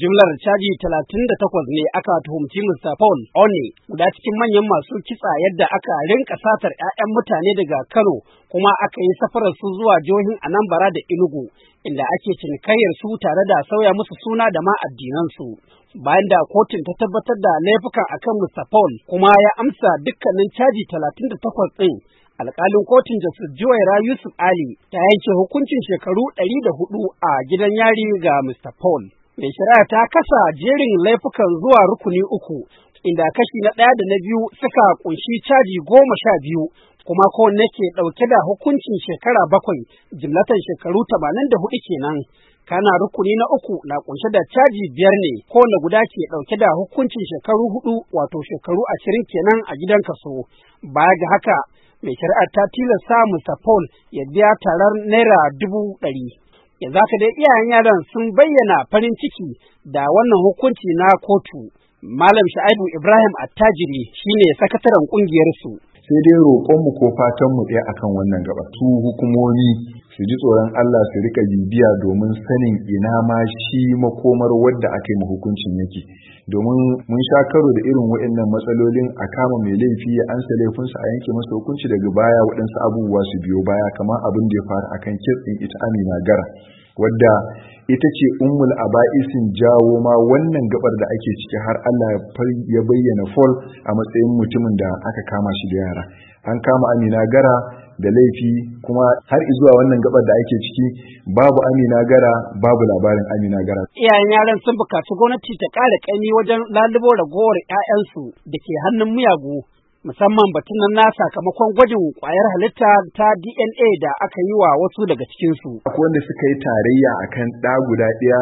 Jimlar caji talatin 38 ne aka tuhumci Mr. Paul Oni guda cikin manyan masu kitsa yadda aka rinka satar 'ya'yan mutane daga Kano kuma aka yi safarar su zuwa jihohin Anambra da Enugu inda ake cinikayyar su tare da sauya musu suna da ma addinansu. Bayan da kotun ta tabbatar da laifukan akan Mr. Paul kuma ya amsa dukkanin caji talatin da 38 ɗin Alƙalin kotun Justice Juwaira Yusuf Ali ta yanke hukuncin shekaru ɗari da 104 a gidan yari ga Mr. Paul. mai shari'a ta kasa jerin laifukan zuwa rukuni uku inda kashi na ɗaya da na biyu suka kunshi caji goma sha biyu kuma kowanne ke ɗauke da hukuncin shekara bakwai jimlatan shekaru tamanin da hudu kenan kana rukuni na uku na kunshe da caji biyar ne na guda ke ɗauke da hukuncin shekaru hudu wato shekaru ashirin kenan a gidan kaso baya ga haka mai shari'ar ta tilasta Mr. Paul ya biya taron naira dubu ɗari. yanzu haka dai iyayen yaron sun bayyana farin ciki da wannan hukunci na kotu malam sha'ibu ibrahim attajiri shine sakataren ƙungiyarsu. sai dai roƙonmu ko fatanmu ɗaya akan wannan gaba su hukumomi su ji tsoron Allah su rika bibiya domin sanin ina ma shi makomar wadda aka yi hukuncin yake domin mun sha karo da irin waɗannan matsalolin a kama mai laifi ya ansa laifinsa a yanke masa hukunci daga baya waɗansu abubuwa su biyo baya kamar abin da ya faru akan kitsin ita Amina Gara wadda ita ce ummul aba'isin jawo ma wannan gabar da ake ciki har Allah ya bayyana Fol a matsayin mutumin da aka kama shi da yara an kama Amina Gara da laifi kuma har izuwa wannan gabar da ake ciki babu Amina Gara babu labarin Amina Gara iyayen yaran sun bukaci gwamnati ta ƙara ƙaimi wajen lalubo ragowar 'ya'yansu da ke hannun miyagu musamman batun nan na sakamakon gwajin kwayar halitta ta DNA da aka yi wa wasu daga cikinsu. Akwai wanda suka yi tarayya akan kan ɗa guda ɗaya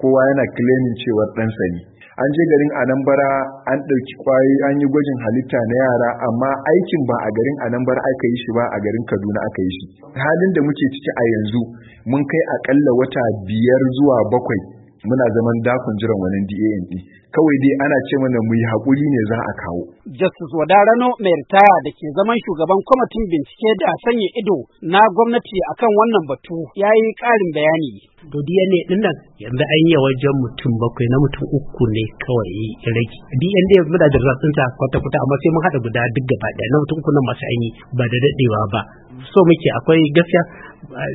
kowa yana kilemin cewar ɗansa Sani. An je garin Anambra an ɗauki kwayoyi an yi gwajin halitta na yara amma aikin ba a garin Anambra aka yi shi ba a garin Kaduna aka yi shi. Halin da muke ciki a yanzu mun kai akalla wata biyar zuwa bakwai muna zaman dakon jiran wani DAN e. kawai dai ana ce mana mu yi haƙuri ne za a kawo Justice Wadarano mai ritaya da ke zaman shugaban kwamitin bincike da sanya ido na gwamnati akan wannan batu ya yi ƙarin bayani to DNA din nan yanzu an yi wajen mutum bakwai na mutum uku ne kawai rage DNA muna da ratsinta kwata-kwata amma sai mun haɗa guda duk gaba ɗaya na mutum uku nan masu ainihi ba da daɗewa ba so muke akwai gaskiya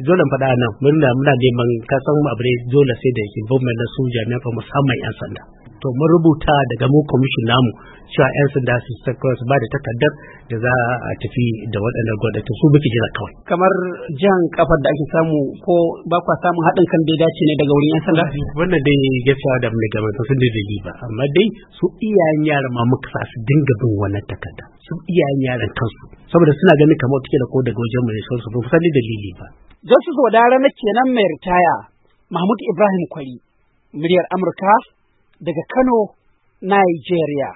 dole faɗa nan muna muna neman kasan abu ne dole sai da involvement na su jami'an musamman 'yan sanda to mun rubuta daga mu kwamishin namu cewa 'yan sanda su su ba da takardar da za a tafi da waɗannan gwamnati su biki jira kawai. Kamar jihan kafar da ake samu ko ba kwa samun haɗin kan da ya dace ne daga wurin 'yan sanda? Wannan dai gaskiya da mai gaba sun da dalili ba amma dai su iyayen yaran ma muka sa su dinga bin wannan takardar su iyayen yaran kansu saboda suna ganin kamar take da ko daga wajen mu ne su ba da dalili ba. Josu Godara na kenan mai ritaya Mahmud Ibrahim Kwari, muryar Amurka daga Kano, Nigeria.